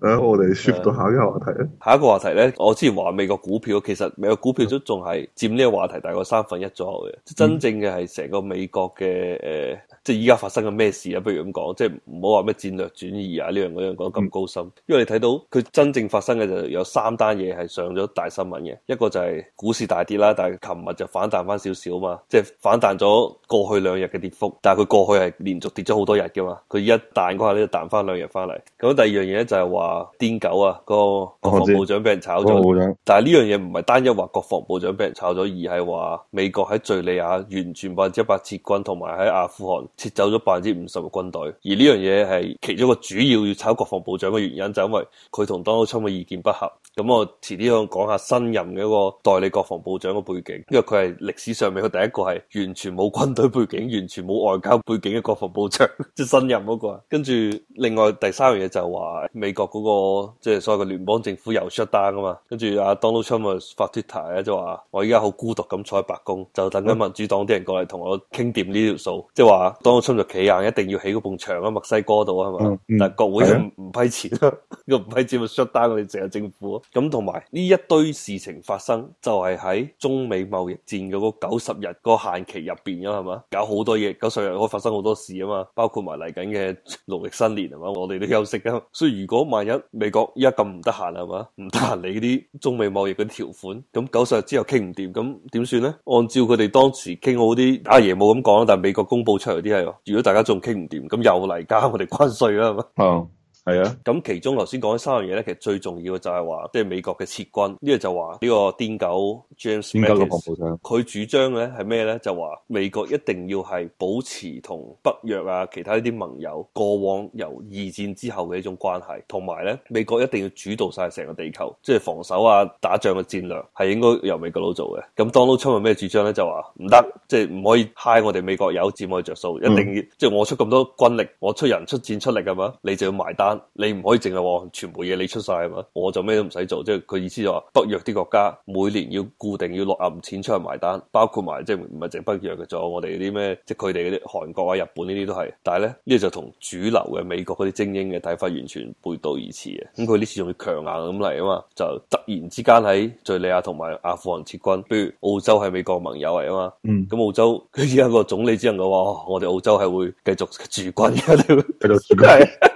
誒，我哋 shift 到下一個話題啊。下一個話題咧，我之前話美國股票，其實美國股票都仲係佔呢個話題大概三分一左右嘅。真正嘅係成個美國嘅誒、呃，即係依家發生嘅咩事啊？不如咁講，即係唔好話咩戰略轉移啊呢樣嗰樣講咁高深。因為你睇到佢真正發生嘅就有三單嘢係上咗大新聞嘅。一個就係股市大跌啦，但係琴日就反彈翻少少嘛，即係反彈咗過去兩日嘅跌幅。但係佢過去係連續跌咗好多日噶嘛，佢一彈嘅話咧就彈翻兩日翻嚟。咁第二樣嘢咧就係話。啊，癲狗啊！個國防部長俾人炒咗，但係呢樣嘢唔係單一話國防部長俾人炒咗，而係話美國喺敘利亞完全百分之一百撤軍，同埋喺阿富汗撤走咗百分之五十嘅軍隊。而呢樣嘢係其中一個主要要炒國防部長嘅原因，就是、因為佢同當勞侵嘅意見不合。咁我遲啲我講下新任嘅一個代理國防部長嘅背景，因為佢係歷史上面嘅第一個係完全冇軍隊背景、完全冇外交背景嘅國防部長，即 係新任嗰、那、啊、個，跟住另外第三樣嘢就係話美國。嗰、那個即係所謂嘅聯邦政府又出單啊嘛，跟住阿 Donald Trump 咪發 Twitter 啊，就話我依家好孤獨咁坐喺白宮，就等緊民主黨啲人過嚟同我傾掂呢條數，即係話 Donald Trump 就企、是 mm. 硬，一定要起嗰棟牆喺墨西哥度啊嘛，mm. 但係國會唔、mm. 批錢啊，個 唔批錢咪出單，哋淨係政府咁，同埋呢一堆事情發生就係、是、喺中美貿易戰嘅嗰九十日個限期入邊啊嘛，搞好多嘢，九十日可以發生好多事啊嘛，包括埋嚟緊嘅農曆新年係嘛，我哋都休息啊，所以如果萬美國依家咁唔得閒啦，係嘛？唔得閒理啲中美貿易嘅條款，咁九十日之後傾唔掂，咁點算咧？按照佢哋當時傾好啲，阿爺冇咁講，但係美國公布出嚟啲係，如果大家仲傾唔掂，咁又嚟加我哋關稅啦，係嘛？嗯。係啊，咁其中頭先講嘅三樣嘢咧，其實最重要嘅就係話，即係美國嘅撤軍呢個就話呢個癲狗 James Mattis 佢主張咧係咩咧？就話美國一定要係保持同北約啊、其他呢啲盟友過往由二戰之後嘅呢種關係，同埋咧美國一定要主導晒成個地球，即係防守啊、打仗嘅戰略係應該由美國佬做嘅。咁 Donald Trump 係咩主張咧？就話唔得，即係唔可以嗨我哋美國有戰我着數，嗯、一定要即係我出咁多軍力，我出人出戰出力咁啊，你就要埋單。你唔可以淨係話全部嘢你出晒啊嘛？我就咩都唔使做，即係佢意思就話北約啲國家每年要固定要落暗錢出去埋單，包括埋即係唔係淨北約嘅，仲有我哋啲咩即係佢哋嗰啲韓國啊、日本呢啲都係。但係咧呢，呢個就同主流嘅美國嗰啲精英嘅睇法完全背道而馳嘅。咁佢呢次仲要強硬咁嚟啊嘛，就突然之間喺敘利亞同埋阿富汗撤軍，比如澳洲係美國盟友嚟啊嘛，嗯，咁澳洲佢而家個總理只人嘅話，我哋澳洲係會繼續駐軍嘅，繼續駐軍。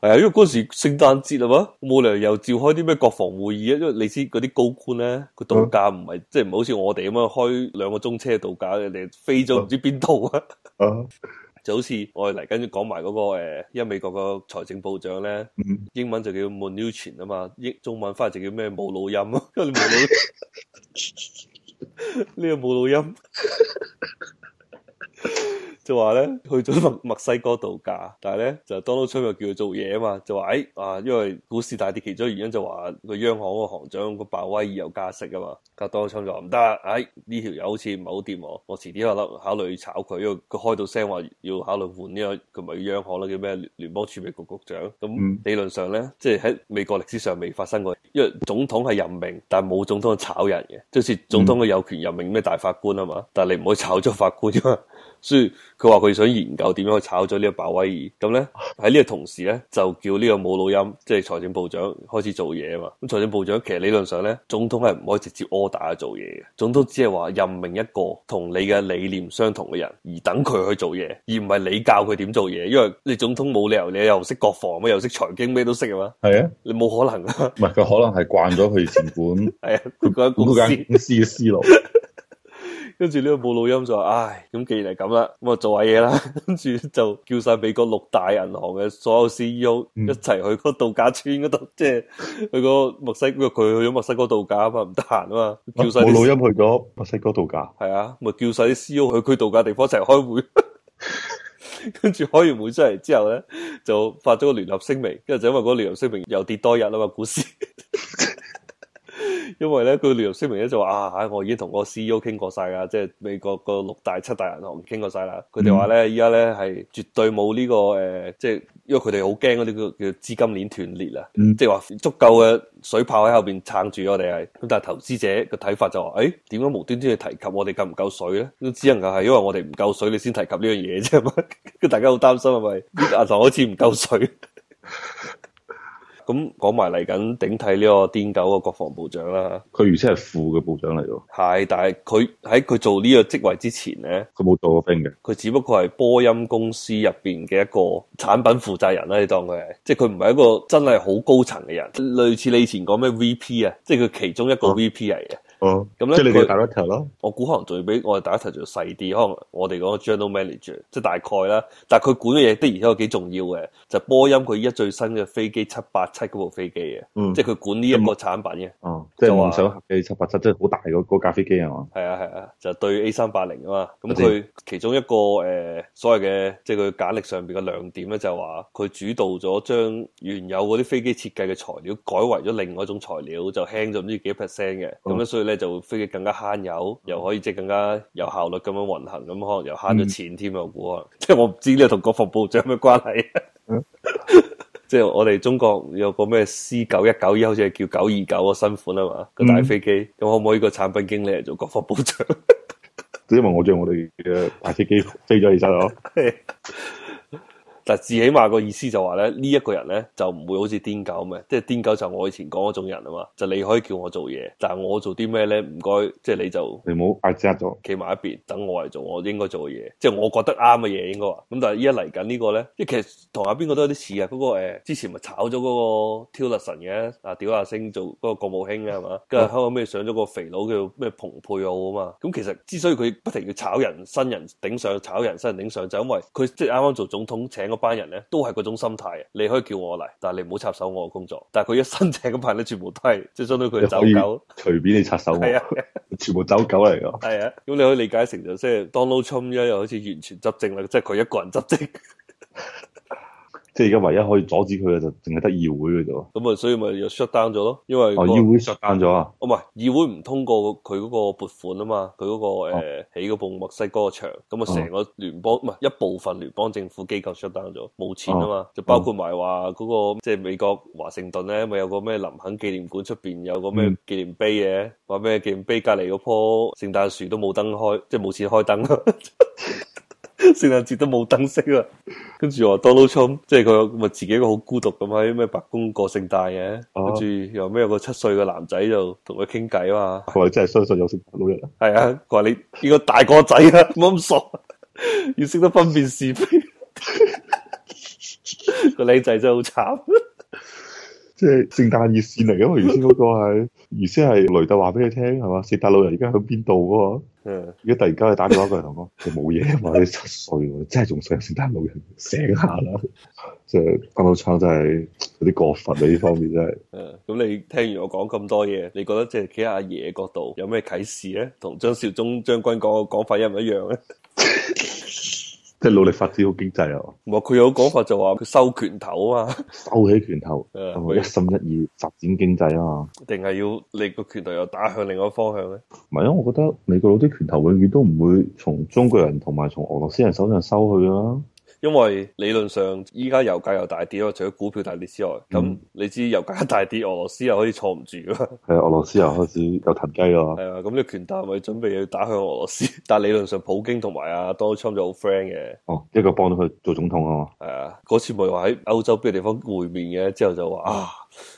係啊，因為嗰時聖誕節啊嘛，冇理由又召開啲咩國防會議啊？因為你知嗰啲高官咧，佢度假唔係即係唔係好似我哋咁啊，樣開兩個鐘車度假嘅，你飛咗唔知邊度啊？啊 就好似我嚟緊要講埋嗰個誒、欸，因為美國個財政部長咧，嗯、英文就叫 Mnuchin 啊嘛，譯中文翻嚟就叫咩？冇錄音啊，呢個冇錄音。 露 露 就話咧去咗墨墨西哥度假，但係咧就 Donald Trump 又叫佢做嘢啊嘛，就話誒、哎、啊，因為股市大跌，其中原因就話個央行個行長個鮑威爾有加息啊嘛，咁 Donald Trump 就話唔得，誒呢條友好似唔係好掂我，我遲啲又諗考慮炒佢，因為佢開到聲話要考慮換呢個，佢咪央行咯，叫咩聯邦儲備局局長，咁理論上咧，即係喺美國歷史上未發生過，因為總統係任命，但係冇總統炒人嘅，即是總統佢有權任命咩大法官啊嘛，但係你唔可以炒咗法官啊嘛。 所以佢話佢想研究點樣去炒咗呢個鮑威爾，咁咧喺呢個同時咧，就叫呢個姆魯音，即係財政部長開始做嘢啊嘛。咁財政部長其實理論上咧，總統係唔可以直接 order 做嘢嘅。總統只係話任命一個同你嘅理念相同嘅人，而等佢去做嘢，而唔係你教佢點做嘢，因為你總統冇理由你又識國防咩，又識財經咩，都識嘛啊嘛。係啊，你冇可能啊。唔係佢可能係慣咗佢前管係 啊，佢嗰間公司嘅思路。跟住呢個冇錄音就話，唉，咁既然係咁啦，咁啊做下嘢啦。跟住就叫晒美國六大銀行嘅所有 CEO 一齊去嗰度假村嗰度，嗯、即係去個墨西哥。佢去咗墨西哥度假啊嘛，唔得閒啊嘛，叫晒冇錄音去咗墨西哥度假。係啊，咪叫晒啲 CEO 去佢度假、啊、度假地方一齊開會。 跟住開完會出嚟之後咧，就發咗個聯合聲明，跟住就因為嗰個聯合聲明又跌多日啦嘛、嗰個、股市。因為咧，佢聯合聲明咧就話啊，我已經同個 CEO 傾過晒噶，即係美國個六大、七大銀行傾過晒啦。佢哋話咧，依家咧係絕對冇呢、這個誒、呃，即係因為佢哋好驚嗰啲叫叫資金鏈斷裂啊，嗯、即係話足夠嘅水泡喺後邊撐住我哋係。咁但係投資者嘅睇法就話，誒點解無端端去提及我哋夠唔夠水咧？都只能夠係因為我哋唔夠水，你先提及呢樣嘢啫嘛。咁 大家好擔心係咪啲銀行好似唔夠水？咁講埋嚟緊頂替呢個癲狗個國防部長啦，佢原先係副嘅部長嚟喎。係，但係佢喺佢做呢個職位之前呢，佢冇做過兵嘅。佢只不過係波音公司入邊嘅一個產品負責人啦。你當佢係，即係佢唔係一個真係好高層嘅人，類似你以前講咩 VP 啊，即係佢其中一個 VP 嚟嘅。嗯哦，咁咧佢 director 咯，我估可能仲要比我哋 director 仲要細啲，可能我哋講 general manager，即係大概啦。但係佢管嘅嘢的而且確幾重要嘅，就是、波音佢依家最新嘅飛機七八七嗰部飛機嘅，即係佢管呢一個產品嘅，哦，即係唔想 A 七八七真係好大嗰架飛機啊嘛，係啊係啊，就對 A 三八零啊嘛，咁佢其中一個誒、呃、所謂嘅即係佢簡歷上邊嘅亮點咧，就係話佢主導咗將原有嗰啲飛機設計嘅材料改為咗另外一種材料，就輕咗唔知幾 percent 嘅，咁咧、嗯、所以咧就會飛機更加慳油，又可以即係更加有效率咁樣運行，咁可能又慳咗錢添啊！嗯、我估啊，即係我唔知你同國防部長有咩關係。嗯、 即係我哋中國有個咩 C 九一九，好似係叫九二九啊新款啊嘛、那個大飛機，咁、嗯、可唔可以個產品經理嚟做國防部長？ 因為我將我哋嘅大飛機飛咗起身咯。 但係自起碼個意思就話咧，呢一個人咧就唔會好似癲狗咁嘅，即係癲狗就我以前講嗰種人啊嘛，就是、你可以叫我做嘢，但係我做啲咩咧唔該，即係、就是、你就你冇嗌住我，企埋一邊等我嚟做我應該做嘅嘢，即、就、係、是、我覺得啱嘅嘢應該話。咁但係依家嚟緊呢個咧，即係其實同阿邊個都有啲似、欸、啊。不過之前咪炒咗嗰個 Tillerson 嘅啊，屌下星做嗰個國務卿嘅係嘛，跟住後尾上咗個肥佬叫咩蓬佩奧啊嘛。咁其實之所以佢不停要炒人新人頂上，炒人新人頂上，就因為佢即係啱啱做總統請班人咧都係嗰種心態，你可以叫我嚟，但係你唔好插手我嘅工作。但係佢一身正咁派，咧全部都係，即係相當佢走狗，隨便你插手，係啊，全部走狗嚟噶。係啊，咁你可以理解成就即係 Donald Trump 一、啊、又好似完全執政啦，即係佢一個人執政。 即係而家唯一可以阻止佢嘅就淨係得議會嘅啫，咁啊，所以咪又 shutdown 咗咯，因為哦議會 shutdown 咗啊，哦唔係議會唔通過佢嗰個撥款啊嘛，佢嗰、嗰個誒、oh. 呃、起嗰部墨西哥嘅牆咁啊成個聯邦唔係、oh. 一部分聯邦政府機構 shutdown 咗，冇錢啊嘛，oh. 就包括埋話嗰個即係、就是、美國華盛頓咧，咪有個咩林肯紀念館出邊有個咩紀念碑嘅，話咩紀念碑隔籬嗰棵聖誕樹都冇燈開，即係冇錢開燈。 聖誕節都冇燈飾啊，跟住話多啦 A 即係佢咪自己一個好孤獨咁喺咩白宮過聖誕嘅，跟住、啊、又咩有個七歲嘅男仔就同佢傾偈啊嘛，佢話真係相信有聖誕老人，係啊，佢話你幾個大個仔啊，唔好咁傻，要識得分辨是非，個靚仔真係好慘，即係聖誕熱線嚟嘅嘛，原先嗰個係，原先係雷德話俾你聽係嘛，聖誕老人而家響邊度噶。嗯，如果 突然間 你打電話過嚟，同我，我冇嘢，啊你啲七歲，真係仲想，成大老人醒下啦，即係鄧老昌真係有啲過分啊！呢方面真係、 嗯，嗯，咁你聽完我講咁多嘢，你覺得即係企阿爺角度有咩啟示咧？同張紹忠將軍講嘅講法一唔一樣咧？ 即係努力發展好經濟啊！唔係佢有講法就話收拳頭啊，收起拳頭，佢 一心一意發展經濟啊嘛。定係要你個拳頭又打向另一個方向咧？唔係啊，我覺得美國佬啲拳頭永遠都唔會從中國人同埋從俄羅斯人手上收去啦，啊。因為理論上依家油價又大跌，因除咗股票大跌之外，咁、嗯、你知油價一大跌，俄羅斯又可以坐唔住啦。係啊，俄羅斯又開始有騰雞咯。係啊，咁你個拳頭咪準備要打向俄羅斯，但係理論上普京同埋 Donald Trump 就好 friend 嘅。哦，一個幫到佢做總統啊嘛。係啊，嗰次咪話喺歐洲邊個地方會面嘅，之後就話啊，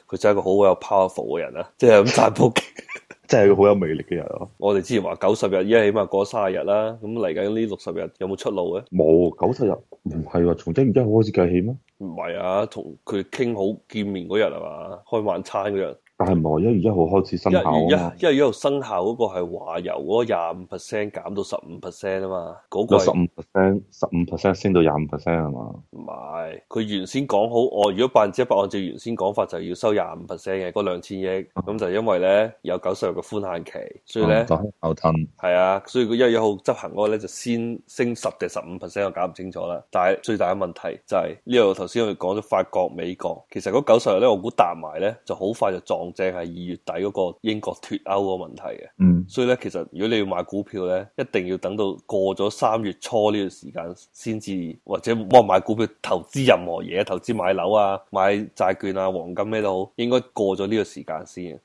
佢真係個好有 powerful 嘅人啊，即係咁大普京。」 真係好有魅力嘅人咯、啊！我哋之前話九十日，依家起碼過三十日啦。咁嚟緊呢六十日有冇出路嘅？冇九十日唔係喎，從七月一號開始計起咩？唔係啊，同佢傾好見面嗰日係嘛，開晚餐嗰日。但係唔係，一月一號開始生效啊一月一號生效嗰個係話由嗰廿五 percent 減到十五 percent 啊嘛。嗰、嗰個十五 percent，十五 percent 升到廿五 percent 係嘛？唔係，佢原先講好我，我如果百分之一百按照原先講法，就要收廿五 percent 嘅嗰兩千億。咁、啊、就因為咧有九十日嘅寬限期，所以咧牛頓係啊，所以佢一月一號執行嗰咧就先升十定十五 percent，我搞唔清楚啦。但係最大嘅問題就係呢度。頭先我哋講咗法國、美國，其實嗰九十日咧，我估彈埋咧就好快就撞。正係二月底嗰個英國脫歐個問題嘅，嗯、所以咧，其實如果你要買股票咧，一定要等到過咗三月初呢個時間先至，或者我買股票投資任何嘢，投資買樓啊、買債券啊、黃金咩都好，應該過咗呢個時間先。